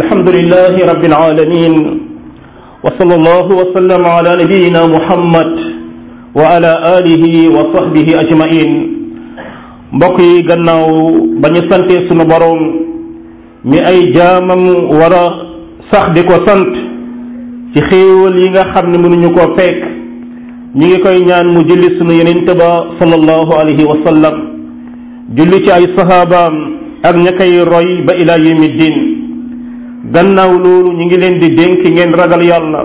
alhamdulilahi rabbil alamin wa sallallahu wa sallam ala nabiyyina muhammad wa ala alihi wa sahbihi ajmain mbokk yi gannaaw ba ñu sante sunu boroom mi ay jaamam war a sax di ko sant ci xéewal yi nga xam ne mënuñu koo fekk ñi ngi koy ñaan mu julli sunu yenente ba sallallahu alayhi wa sallam julli ci ay sahabaam ak ña koy roy ba ila yawmi din gannaaw loolu ñu ngi leen di dénk ngeen ragal yàlla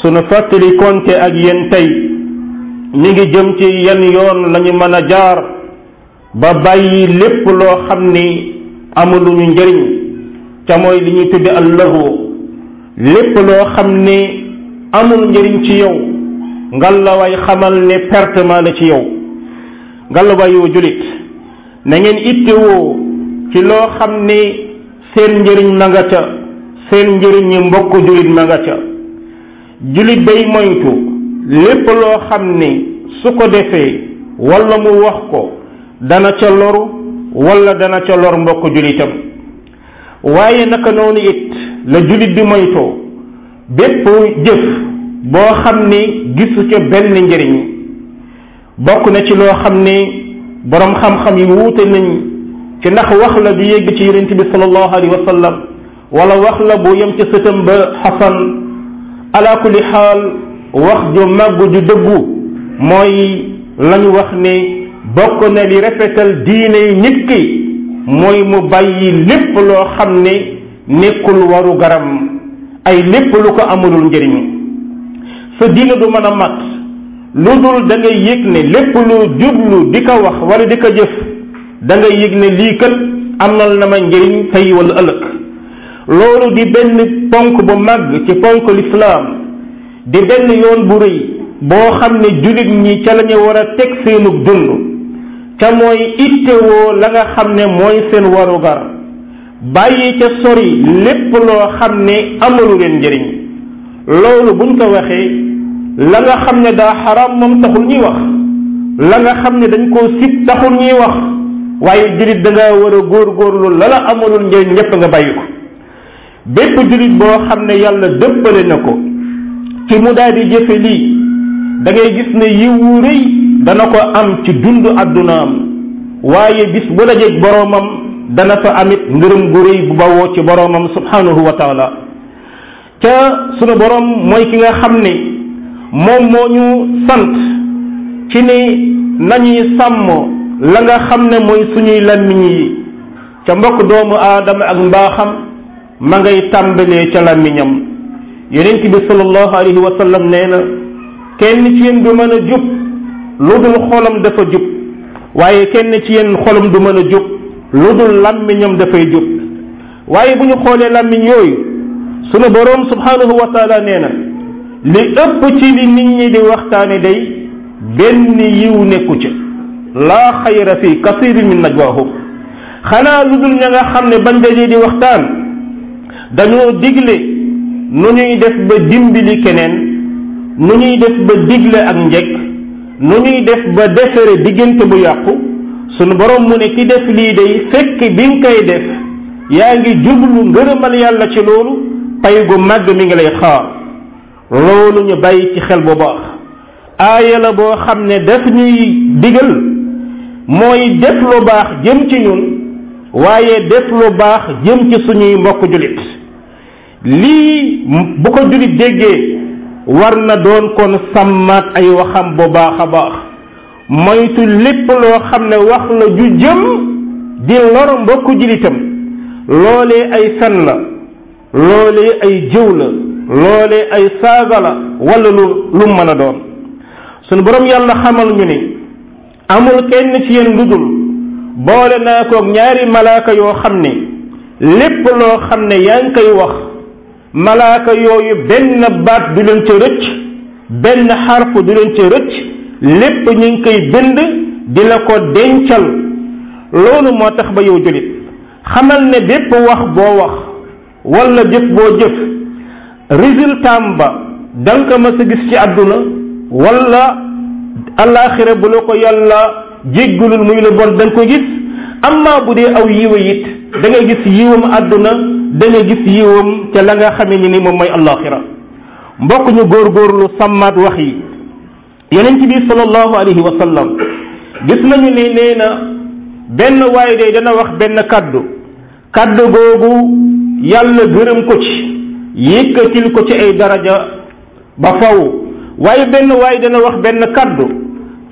sunu fàttali konte ak yéen tey mi ngi jëm ci yan yoon lañu mën a jaar ba bàyyi lépp loo xam ni amuluñu njëriñ ca mooy li ñuy tudde allahu lépp loo xam ni amul njëriñ ci yow ngallaway xamal ne pertement la ci yow ngallaway wu julit na ngeen ittewoo ci loo xam ni seen njëriñ ma nga ca seen njëriñ ñi mbokk jullit ma nga ca jullit day moytu lépp loo xam ni su ko defee walla mu wax ko dana ca loru walla dana ca lor mbokk jullitam waaye naka noonu it la jullit di moytoo bépp jëf boo xam ni gisu ca benn njëriñ bokk na ci loo xam ni boroom xam-xam yi wuute nañ ci ndax wax la bi yegg ci yonent bi sallallahu alayhi wa sallam wala wax la bu yem ci sëtam ba xasan ala kulli xaal wax ju màgg ju dëggu mooy lañu wax ne bokk na li rafetal diine nit ki mooy mu bàyyi lépp loo xam ne nekkul waru garam ay lépp lu ko amulul njariñ sa diine du mën a mat lu dul da ngay yëg ne lépp lu jublu di ko wax wala di ko jëf da ngay yëg ne lii kat amal na ma njëriñ tey wala ëllëg loolu di benn ponk bu màgg ci ponk lislaam di benn yoon bu rëy boo xam ne jullit ñi ca lañu war a teg seenug dund ca mooy ittewoo la nga xam ne mooy seen warugar bàyyi ca sori lépp loo xam ne amalu leen njëriñ loolu buñ ko waxee la nga xam ne daa xaraam moom taxul ñuy wax la nga xam ne dañ koo sib taxul ñuy wax waaye jullit da war a góorgóorlu la la amaloon njëriñ ñëpp nga bàyyi ko bépp jullit boo xam ne yàlla dëppale na ko ci mu daal di jëfe lii da gis ne yiwu rëy dana ko am ci dund àddunaam waaye bis bu dajeeg boroomam dana fa amit ngërëm gu rëy bu bawoo ci boromam subhanahu wa taala ca sunu boroom mooy ki nga xam ne moom moo ñu sant ci ni nañuy sàmm la nga xam ne mooy suñuy làmmiñ yi ca mbokk doomu aadama ak mbaaxam ma ngay tàmbalee ca làmmiñam yonent bi sallallahu alayhi wa nee na kenn ci yéen du mën a jub lu dul xolam dafa jub waaye kenn ci yenn xolam du mën a jub lu dul làmmiñam dafay jub waaye bu ñu xoolee làmmiñ yooyu sunu boroom subhaanahu wa taala nee na li ëpp ci li nit ñi di waxtaane day benn yiw nekku ca laa xayra fi kasirin min najwaahum xanaa lu dul ña nga xam ne bañ dajee di waxtaan dañoo digle nu ñuy def ba dimbali keneen nu ñuy def ba digle ak njekk nu ñuy def ba defere diggante bu yàqu sunu borom mu ne ki def lii day fekk bi nga koy def yaa ngi jublu ngërëmal yàlla ci loolu pay gu màgg mi ngi lay xaar loolu ñu bàyyi ci xel bu baax aaya boo xam ne daf ñuy digal mooy def lu baax jëm ci ñun waaye def lu baax jëm ci suñuy mbokk jullit lii bu ko jullit déggee war na doon kon sàmmaat ay waxam bu baax a baax moytu lépp loo xam ne wax la ju jëm di lor mbokk jullitam loolee ay san la loolee ay jëw la loolee ay saaga la walla lu lu mën a doon sunu borom yàlla xamal ñu ni amul kenn ci yéen lu dul boole naa koog ñaari malaaka yoo xam ne lépp loo xam ne yaa ngi koy wax malaaka yooyu benn baat du leen ca rëcc benn xarfu du leen ca rëcc lépp ñu ngi koy bind di la ko dencal loolu moo tax ba yow julit xamal ne bépp wax boo wax wala jëf boo jëf résultat ba danga ko mas a gis ci àdduna wala allaaxira bu la ko yàlla jéggalul muy la bon da nga ko gis amma bu dee aw yiwa it da nga gis yiwam àdduna da nga gis yiwam ca la nga xamee ni ni moom mooy allaaxira mbokk ñu góorgóorlu sàmmaat wax yi yeneen ci bi sallallahu alayhi wa sallam gis nañu ne nee na benn waay de dana wax benn kàddu kàddu googu yàlla gërëm ko ci yëkkatil ko ci ay daraja ba faw waaye benn waaye dana wax benn kaddu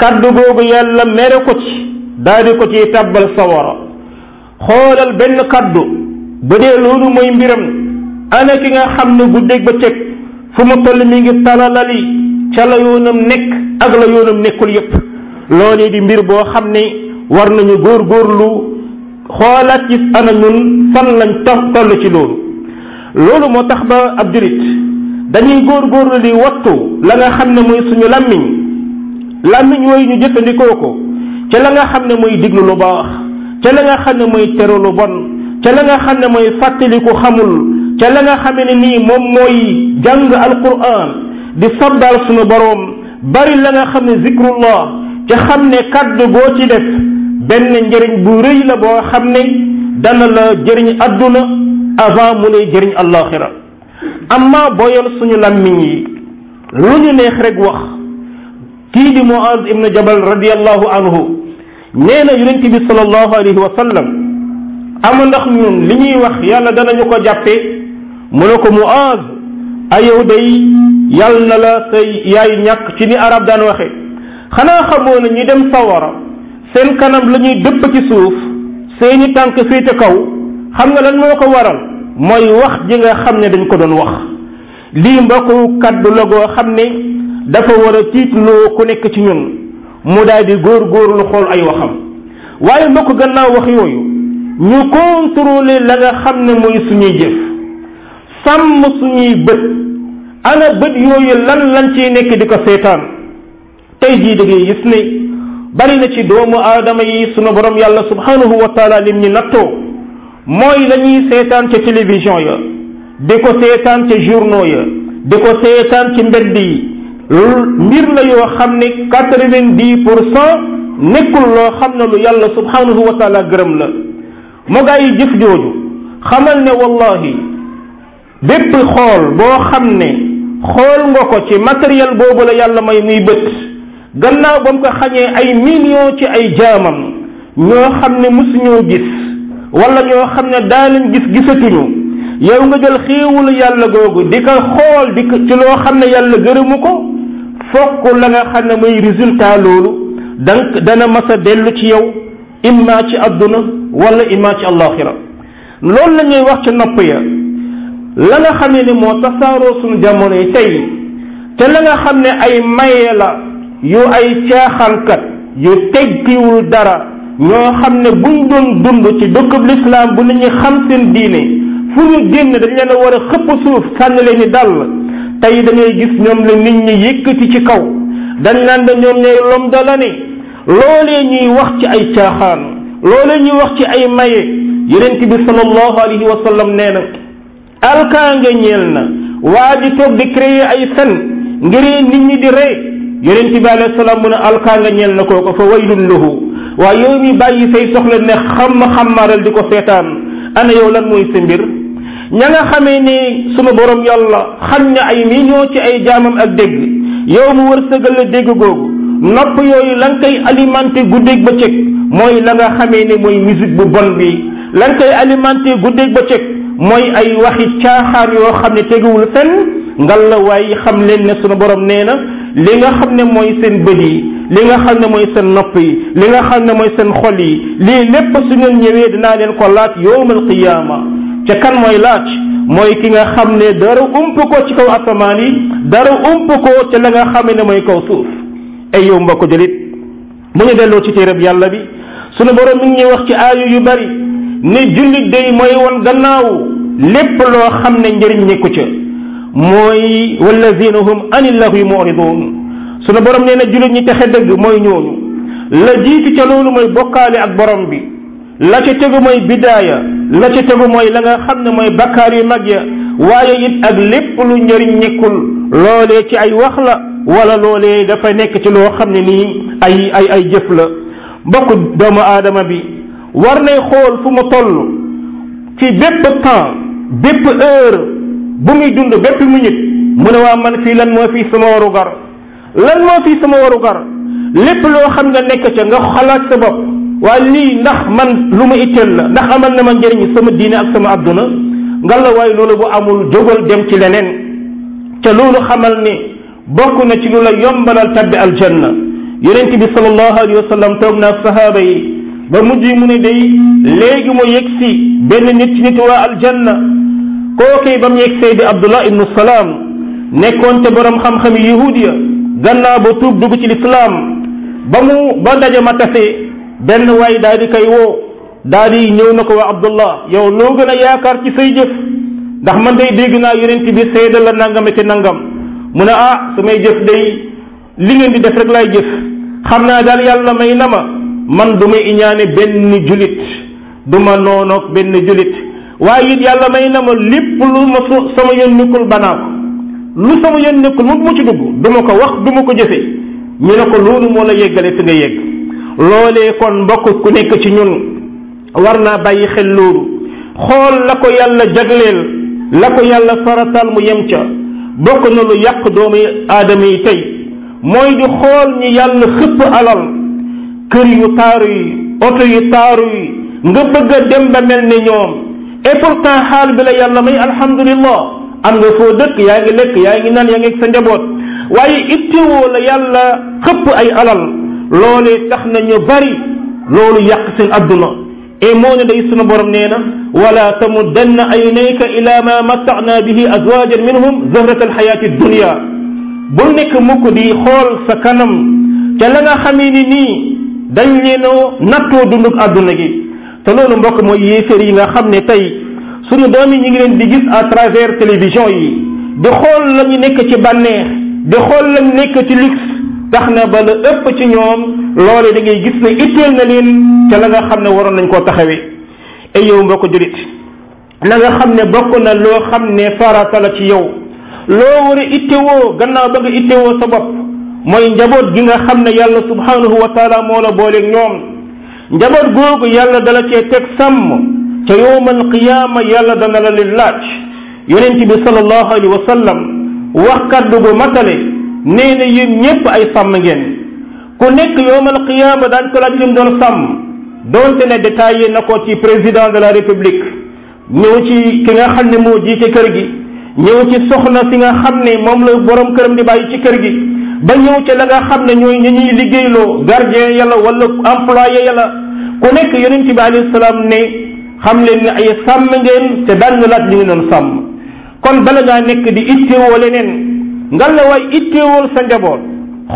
kaddu googu yàlla mere ko ci daal di ko ciy tàbbal sawara xoolal benn kàddu ba dee loolu mooy mbiram ana ki nga xam ne guddeeg ba teg fu mu toll mi ngi talalali ca la yoonam nekk ak la yoonam nekkul yépp loolee di mbir boo xam ne war nañu góorlu xoolaat gis ana ñun fan lañ toll ci loolu loolu moo tax ba ab jurit dañuy góor góorgóorlu di wattu la nga xam ne mooy suñu làmmiñ làmmiñ woyu ñu jëfandikoo ko ca la nga xam ne mooy diglu lu baax ca la nga xam ne mooy teru lu bon ca la nga xam ne muy fàttaliku xamul ca la nga xam ne nii moom mooy jàng alquran di dal suñu boroom bari la nga xam ne zikrullah ca xam ne kàddu boo ci def benn njëriñ bu rëy la boo xam ne dana la jëriñ adduna avant mu lay jëriñ allaxira amma boyal suñu làmmiñ yi lu ñu neex rek wax kii di Muaz ibn Jabal radiallahu anhu nee na yonente bi salallahu alayhi wa sallam ama ndax ñun li ñuy wax yàlla danañu ko jàppee mu ne ko Muaz ayow day yàlla na la say yaay ñàkk ci ni arab daan waxe xanaa xamoo ne ñi dem sawara seen kanam la ñuy dëpp ci suuf seeni tànk féete kaw xam nga lan moo ko waral mooy wax ji nga xam ne dañ ko doon wax lii mbokku kaddu la goo xam ne dafa war a tiitloo ku nekk ci ñun mu daal bi góor góorlu xool ay waxam waaye mbokk gannaaw wax yooyu ñu contrôler la nga xam ne mooy suñuy jëf sàmm suñuy bët ana bët yooyu lan lan ciy nekk di ko seetaan tey jii da ngay gis ne bari na ci doomu aadama yi sunu borom yàlla subhanahu wa taala lim ñi nattoo mooy la ñuy seetaan ca télévision ya di ko seetaan ca journaux ya di ko seetaan ci mbedd yi mbir la yoo xam ne quatre-vingt-dix pour cent nekkul loo xam ne lu yàlla subhanahu wa taala gërëm la moo gaa yi jëf jooju xamal ne wallahi bépp xool boo xam ne xool nga ko ci matériel boobu la yàlla may muy bët gannaaw ba mu ko xañee ay millions ci ay jaamam ñoo xam ne mosuñoo gis wala ñoo xam ne daa leen gis gisatuñu yow nga jël xéewalu yàlla googu di ko xool di ko ci loo xam ne yàlla gërëmu ko fokk la nga xam ne muy résultat loolu danga dana mas dellu ci yow imma ci àdduna wala imma ci àllaaxira loolu la wax ci nopp ya la nga xam ne ni moo tasaaroo suñu jamono yi tey te la nga xam ne ay maye la yu ay caaxaankat yu teggiwul dara ñoo xam ne buñ doon dund ci dëkkub lislaam bu nit ñi xam seen diine fu ñu génn dañ leen a war a xëpp suuf sànni leen ni dal tey da gis ñoom la ni ñi yëkkati ci kaw dañ naan da ñoom ñooy lom ñuy wax ci ay caaxaan loolee ñuy wax ci ay maye yonent bi sallallahu alayhi wa sallam nee na alkaange ñeel na waa ji toog ay fen ngir nit ñi di rey yonent bi alayhi salaam mu ne alkaange ñeel na kooku fa waylun waaye yow mi bàyyi say soxla ne xam-xamaaral di ko seetaan ana yow lan mooy sa mbir ña nga xamee ni sunu borom yàlla xam na ay millions ci ay jaamam ak dégg yow mu wërsëgal la dégg googu nopp yooyu la nga koy alimenté guddeeg bëccëg mooy la nga xamee ni mooy musique bu bon bi la nga koy alimenté guddeeg bëccëg mooy ay waxi caaxaan yoo xam ne teguwul fenn ngal la waaye xam leen ne sunu borom nee na li nga xam ne mooy seen bët yi li nga xam ne mooy seen nopp yi li nga xam ne mooy seen xol yi lii lépp su ngeen ñëwee dinaa leen ko laat yowmal qiyaama ca kan mooy laaj mooy ki nga xam ne dara ump ko ci kaw asamaan yi dara ump ko ca la nga xam ne mooy kaw suuf ay yow mbokk julit mu ñu delloo ci bi yàlla bi sunu borom mi ngi wax ci aayu yu bari ne jullit day mooy won gannaaw lépp loo xam ne njëriñ nekku ca mooy wallazina hum anil lahwi muridun sunu borom nee na jullit ñi texe dëgg mooy ñooñu la jiitu ca loolu mooy bokkaale ak borom bi la ca tegu mooy bidaaya la ca tegu mooy la nga xam ne mooy bakkaar yu mag ya waaye it ak lépp lu njëriñ nekkul loolee ci ay wax la wala loolee dafa nekk ci loo xam ne nii ay ay ay jëf la bokk doomu aadama bi war nay xool fu mu toll ci bépp temps bépp heure bu muy dund bépp minute mu ne waa man fii lan moo fii sama warugar lan moo fi sama warugar lépp loo xam nga nekk ca nga xalaat sa bopp waaye lii ndax man lu ma itteel la ndax amal na ma njëriñ sama diine ak sama adduna nga la waaye loolu bu amul jógal dem ci leneen te loolu xamal ni bokk na ci lu la yombalal tabbi aljanna yonent bi sallallahu alayhi wa sallam toog naa sahaaba yi ba mujj mu ne day léegi mu yegg si benn nit ci nit waa aljanna kookee ba mu yegg see di abdullah ibnu salaam nekkoon te borom xam yi yahudiya gannaaw ba tuub dugg ci lislaam ba mu ba ndaje ma tase benn waay daal di koy woo daal di ñëw na ko waa abdullah yow loo gën a yaakaar ci say jëf ndax man day dégg naa yonent bi seede la nangam ci nangam mu ne ah su may jëf day li ngeen di def rek laay jëf xam naa daal yàlla may na ma man du ma iñaane benn julit du ma noonoog benn julit waaye it yàlla may na ma lépp lu ma sama yoon nekkul banaa lu sama yoon nekkul moom bu ma ci dugg du ma ko wax du ma ko jëfe ñu ne ko loolu moo la yeggale fi nga yegg loolee kon mbokk ku nekk ci ñun war naa bàyyi xel loolu xool la ko yàlla jagleel la ko yàlla faratal mu yem ca bokk na lu yàq doomu aadama yi tey mooy di xool ñi yàlla xëpp alal kër yu taaru yi oto yu taaru yi nga bëgg a dem ba mel ni ñoom et pourtant xaal bi la yàlla may alhamdulillah am nga foo dëkk yaa ngi lekk yaa ngi naan yaa ngi sa njaboot waaye ittewoo la yàlla xëpp ay alal loolee tax na ñu bari loolu yàq seen adduna et moo ne day sunu borom nee na wala tamuddanna aynayka ila ma matta'na bihi azwajan minhum zahrata alxayaati dunya bul nekk mukk di xool sa kanam te la nga xamee ni nii dañ leen a nattoo dundug adduna gi te loolu mbokk mooy yéeféer yi nga xam ne tey suñu doom ñu ngi leen di gis à travers télévision yi di xool la ñu nekk ci bànneex di xool la nekk ci luxe tax na ba la ëpp ci ñoom loole da ngay gis ne itteel na leen ca la nga xam ne waroon nañ koo taxawee ay yow mbokk julit na nga xam ne bokk na loo xam ne farata la ci yow loo war a ittewoo gannaaw ba nga ittewoo sa mooy njaboot gi nga xam ne yàlla subhanahu wa taala moo la booleeg ñoom njaboot googu yàlla dala cee teg sàmm ca yowmal qiyaama yàlla dana la leen laaj yonent bi sallallahu alayhi wa sallam wax kàddu gu matale nee na yéen ñépp ay sàmm ngeen ku nekk yowmal qiyaama daañ ko laaj lim doon sàmm doonte ne détaillé na ko ci président de la république ñëw ci ki nga xam ne moo jiite kër gi ñëw ci soxna nga xam ne moom lay borom këram di bàyyi ci kër gi ba ñëw ca la nga xam ne ñooy ñi ñuy liggéeyloo gardien yàlla wala employé yàlla ku nekk yonent bi ne xam leen ne ay sàmm ngeen te daan ñu laaj li ngeen doon sàmm kon bala ngaa nekk di ittewoo leneen ngal la waay ittewool sa njaboot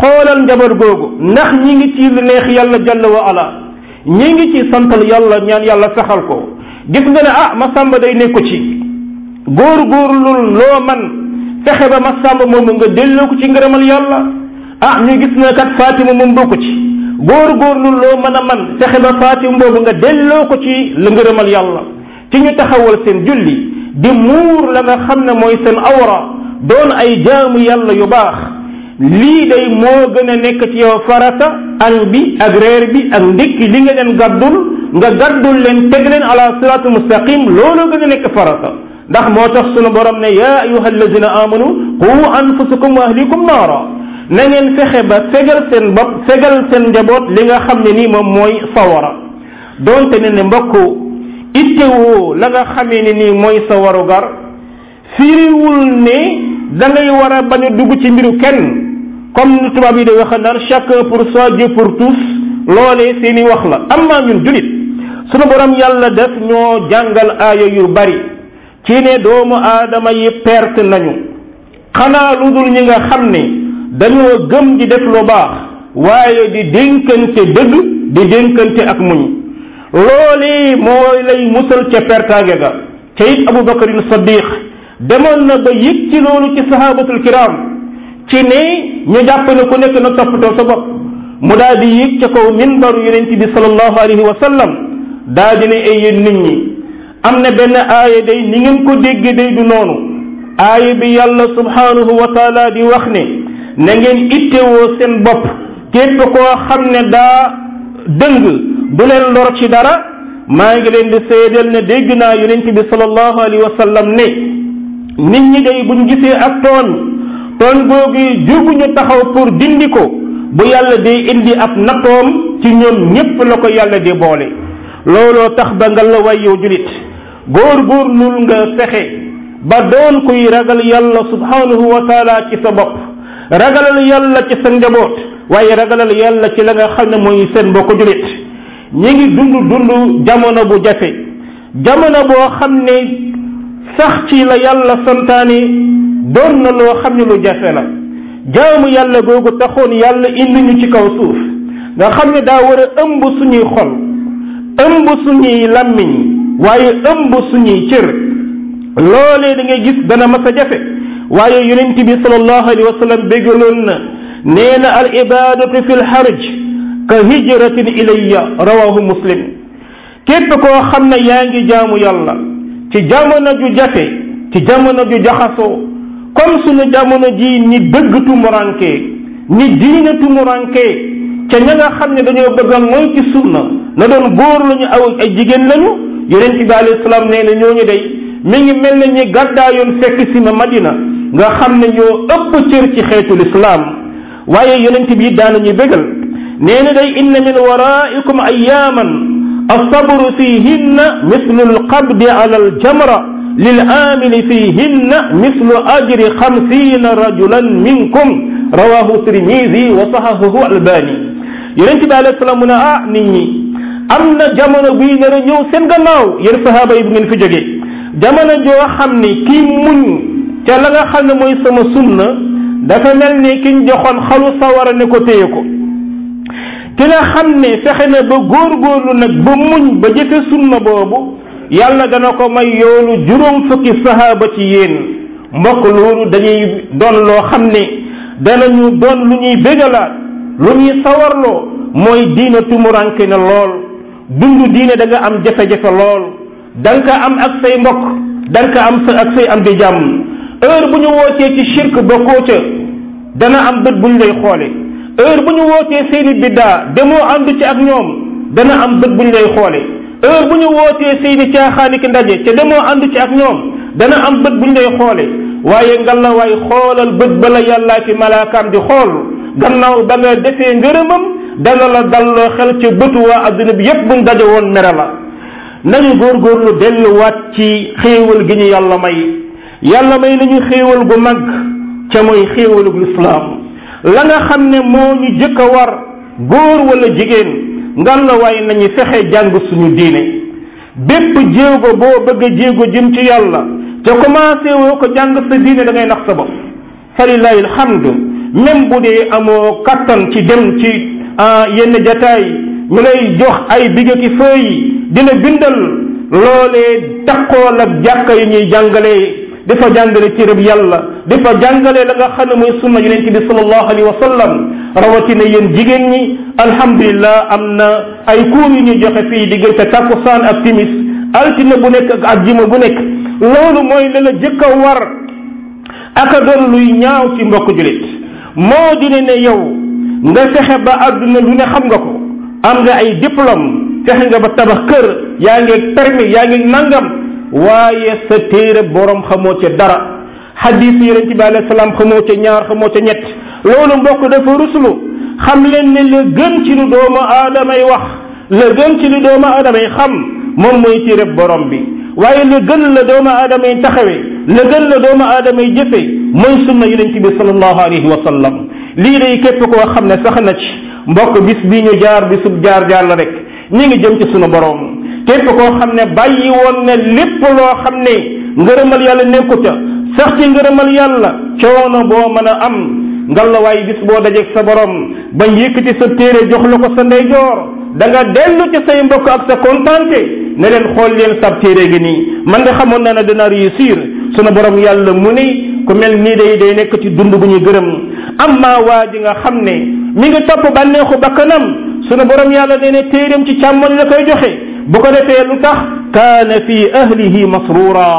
xoolal njaboot googu ndax ñi ngi ci lu neex yàlla jalla wa ala ñi ngi ci santal yàlla ñaan yàlla saxal ko gis nga ne ah ma sàmm day nekku ci góor-góorlul loo man fexe ba ma sàmm moomu nga delloo ko ci ngërëmal yàlla a ah, ñu gis ne kat Fatima moom bokku ci góor-góorlu loo mën a man fexe ba xaatim boobu nga delloo ko ci la ngërëmal yàlla ci ñu taxawal seen julli di muur la nga xam na mooy seen awra doon ay jaamu yàlla yu baax lii day moo gën a nekk ci yow farata añ bi ak reer bi ak ndékki li nga leen gàddul nga gàddul leen teg leen ala siraatul mustaqim loolu gën a nekk farata ndax moo tax sunu borom ne yaa ayuha alladina amanu qu anfusakum wa ahlikum naara na ngeen fexe ba fegal seen bopp fegal seen njaboot li nga xam ne nii moom mooy sawara donte ne ne mbokk ittewoo la nga xamee ne nii mooy sa waru gar firiwul ne da ngay war a dugg ci mbiru kenn comme nu tubaab yi di wax naan chaque pour soi Dieu pour tous loolee seeni wax la amaa ñun jullit sunu borom yàlla def ñoo jàngal aaya yu bari ci ne doomu aadama yi perte nañu xanaa lu dul ñi nga xam ne dañoo gëm gi def lu baax waaye di dénkante dëgg di dénkante ak muñ loolee mooy lay musal ca pertaange ga ca it Abu Bakarin Saddiq demoon na ba yëg ci loolu ci sahabatul kiram ci ne ñu jàpp ne ku nekk na toppatoo sa bopp mu daal di yëg ca kaw minbaru yonent bi sallallahu alayhi wa sallam daal di ne ay yéen nit ñi am na benn aaya day ni ngeen ko dégge day du noonu aaya bi yàlla subhanahu wa taala di wax ne na ngeen ittewoo seen bopp képp koo xam ne daa dëng du leen lor ci dara maa ngi leen di seedeel ne dégg naa yonent bi sallallahu alayhi wa sallam ne nit ñi day buñ gisee ak tooñ tooñ googu jóguñu taxaw pour dindi ko bu yàlla dee indi ab nattoom ci ñoom ñépp la ko yàlla di boole looloo tax ba nga la way yow julit góor-góorlul nga fexe ba doon kuy ragal yàlla subhanahu wa taala ci sa bopp ragalal yàlla ci sa njaboot waaye ragalal yàlla ci la nga xam ne mooy seen mbokk jullit ñi ngi dund dund jamono bu jafe jamono boo xam ne sax ci la yàlla santaane doon na loo xam ne lu jafe la jaamu yàlla googu taxoon yàlla indi ñu ci kaw suuf nga xam ne daa war a ëmb suñuy xol ëmb suñuy làmmiñ waaye ëmb suñuy cër loolee da ngay gis dana mas jafe waaye yonent bi sallallahu alayhi wa sallam béggaloon na nee na al ibadatu fi lxarj ka hijratin ilayya rawahu muslim képp koo xam ne yaa ngi jaamu yàlla ci jamono ju jafe ci jamono ju jaxasoo comme suñu jamono ji ñi dëgg tumuranke ñi diina tumuranke ca ña nga xam ne dañoo bëgg a mooy ci sunna na doon góor lañu aw ay jigéen lañu yonent bi alayhi salaam nee na ñooñu day mi ngi mel ne ñi gàddaayoon fekk si ma madina nga xam ne ñoo ëpp cër ci xeetu lislaam waaye yonent bi daanañu bégal nee na day inna min waraikum ayaaman alsabru fihinna mislu alqabdi ala aljamra lilaamili fihinna mislu ajri xamsina rajulan minkum rawahu tirmidi wa sahahahu albani yonent bi alayhi salaam mu ne ah nit ñi am na jamono bii nar a ñëw seen gannaaw yéen sahaaba yi bu ngeen fi jógee jamono joo xam ni kii muñ ca la nga xam ne mooy sama sunna dafa mel ni kiñ joxoon xalu sawara ne ko téye ko ki nga xam ne fexe na ba góorlu nag ba muñ ba jëfe sunna boobu yàlla dana ko may yoolu juróom fukki sahaaba ci yéen mbokk loolu dañuy doon loo xam ne danañu doon lu ñuy bégalaat lu ñuy sawarloo mooy diine tumuranke na lool dund diine danga am jafe-jafe lool da nga am ak say mbokk da nga am sa ak say am di jàmm heure bu ñu wootee ci shirk ba koo dana am bët bu ñu lay xoole heure bu ñu wootee seeni biddaa demoo ànd ci ak ñoom dana am bët bu ñu lay xoole bu ñu wootee seeni caaxaani ki ndaje ca demoo ànd ci ak ñoom dana am bët bu lay xoole waaye ngalla waay xoolal bët ba la yàllaa ki malaakaam di xool gannaaw ba nga defee ngërëmam dana la dalloo xel ca bëtu waa adduna bi yépp buñ daje woon mere la góor góorgóorlu delluwaat ci xéewal gi ñu yàlla may yàlla may nañu xéewal gu mag ca mooy xéewalug lislaam la nga xam ne moo ñu jëkk a war góor wala jigéen ngan la waaye nañu fexe jàng suñu diine bépp jéego boo bëgg jéego jëm ci yàlla te commencé ko jàng sa diine da ngay nax sa bopp falilahi alhamdu bu dee amoo kattan ci dem ci ah, yenn jataay ñu lay jox ay bigga ki fëy dina bindal loolee taqool ak jàkka yi ñuy jàngale di fa jàngale cërëb yàlla di fa jàngale la nga xam ne mooy sunna yonent bi sallallahu alayhi wa sallam rawatina yéen jigéen ñi alhamdulilah am na ay cours yu ñuy joxe fii diggante takkusaan ak timis altine bu nekk ak àjjuma bu nekk loolu mooy la la jëkk a war ak a luy ñaaw ci mbokk julit moo di ne ne yow nga fexe ba àdduna lu ne xam nga ko am nga ay diplôme fexe nga ba tabax kër yaa ngi permis yaa ngi nangam waaye sa téere borom xamoo ca dara xadiis yonent bi alayhi salaam xamoo ca ñaar xamoo ca ñett loolu mbokk dafa ruslu xam leen ne la gën ci lu doomu aadamay wax la gën ci lu doomu aadamay xam moom mooy téere borom bi waaye la gën la doomu aadamay taxawee la gën la doomu aadamay jëfee mooy sunna yonent bi sallallahu alayhi wa sallam lii yi képp ko xam ne sax na ci mbokk bis bi ñu jaar bisub jaar jaar la rek ñu ngi jëm ci sunu borom. képp koo xam ne bàyyi woon ne lépp loo xam ne ngërëmal yàlla nekku ca sax ci ngërëmal yàlla coono boo mën a am ngalawaay bis boo dajeeg sa borom bañ yëkkati sa téere jox la ko sa ndeyjoor da nga dellu ci say mbokk ak sa kontante ne leen xool leen sab téere gi nii man de xamoon naa ne dina réussir sunu borom yàlla mu ni ku mel nii day day nekk ci dund bu ñuy gërëm amma waa ji nga xam ne mi ngi topp bànneexu bakkanam sunu borom yàlla nee ne téereem ci càmmoñ la koy joxe bu ko defee lu tax kaana fi ahlihi masruura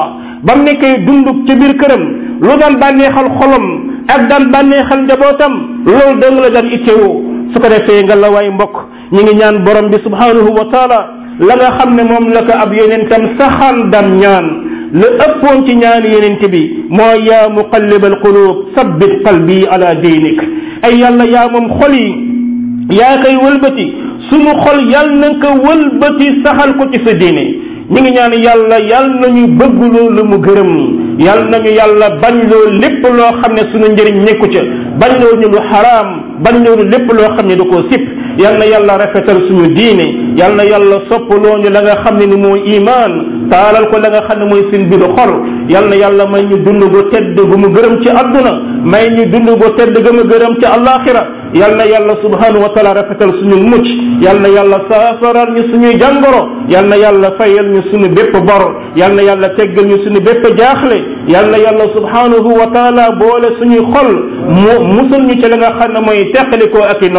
ba mu nekkee dund ci biir këram lu daan bànneexal xolam ak daan bànneexal njabootam loolu dëng la daan ittewoo su ko defee nga la waay mbokk ñu ngi ñaan borom bi subhanahu wa taala la nga xam ne moom la ko ab yonentam saxaan daan ñaan la ëppoon ci ñaani yonent bi mooy yaa muqallibal qulub sabbit qalbi ala diinik ay yàlla yaa moom xol yi yaa koy wëlbati sunu xol yal na nga ko wëlbati saxal ko ci sa diine ñu ngi ñaan yàlla yàlla yal nañu bëgg loolu mu gërëm yal nañu yàlla bañ loo lépp loo xam ne su sunu njëriñ nekku ca bañ loo ñu lu xaraam bañ loo lépp loo xam ne da koo sipp yal na yàlla rafetal suñu diine yal na yàlla soppaloo ñu la nga xam ne ni mooy imaan taalal ko la nga xam ne mooy seen biir xol yal na yàlla may ñu dund gu tedd gu mu gërëm ci adduna may ñu dund gu tedd gu mu gërëm ci alaxira yal na yàlla subhanahu wa taala rafetal suñu mucc yal na yàlla saafaral ñu suñuy jàngoro yal na yàlla fayal ñu suñu bépp bor yal na yàlla teggal ñu suñu bépp jaaxle yal na yàlla subhanahu wa taala boole suñuy xol mu musal ñu ci la nga xam ne mooy teqalikoo ak i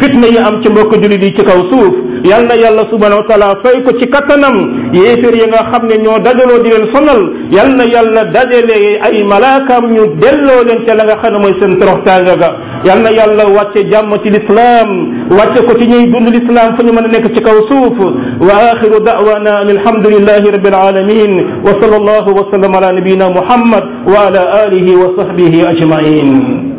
fitna yi am ci mbokk jullit yi ci kaw suuf yal na yàlla subhanahu wa taala fay ko ci kattanam yéeféer yi nga xam ne ñoo dajaloo di leen sonal yal na yàlla dajale ay malaakam ñu delloo leen ca la nga xam ne mooy seen toroxtaanga ga yal na yàlla wàcce jàmm ci lislaam wàcce ko ci ñuy dund lislaam fu ñu mën a nekk ci kaw suuf wa axiru da'wana an alhamdulillahi rabbil alamin wa sallallahu wa sallam ala nabiyina muhammad wa ala alihi wa sahbihi ajmain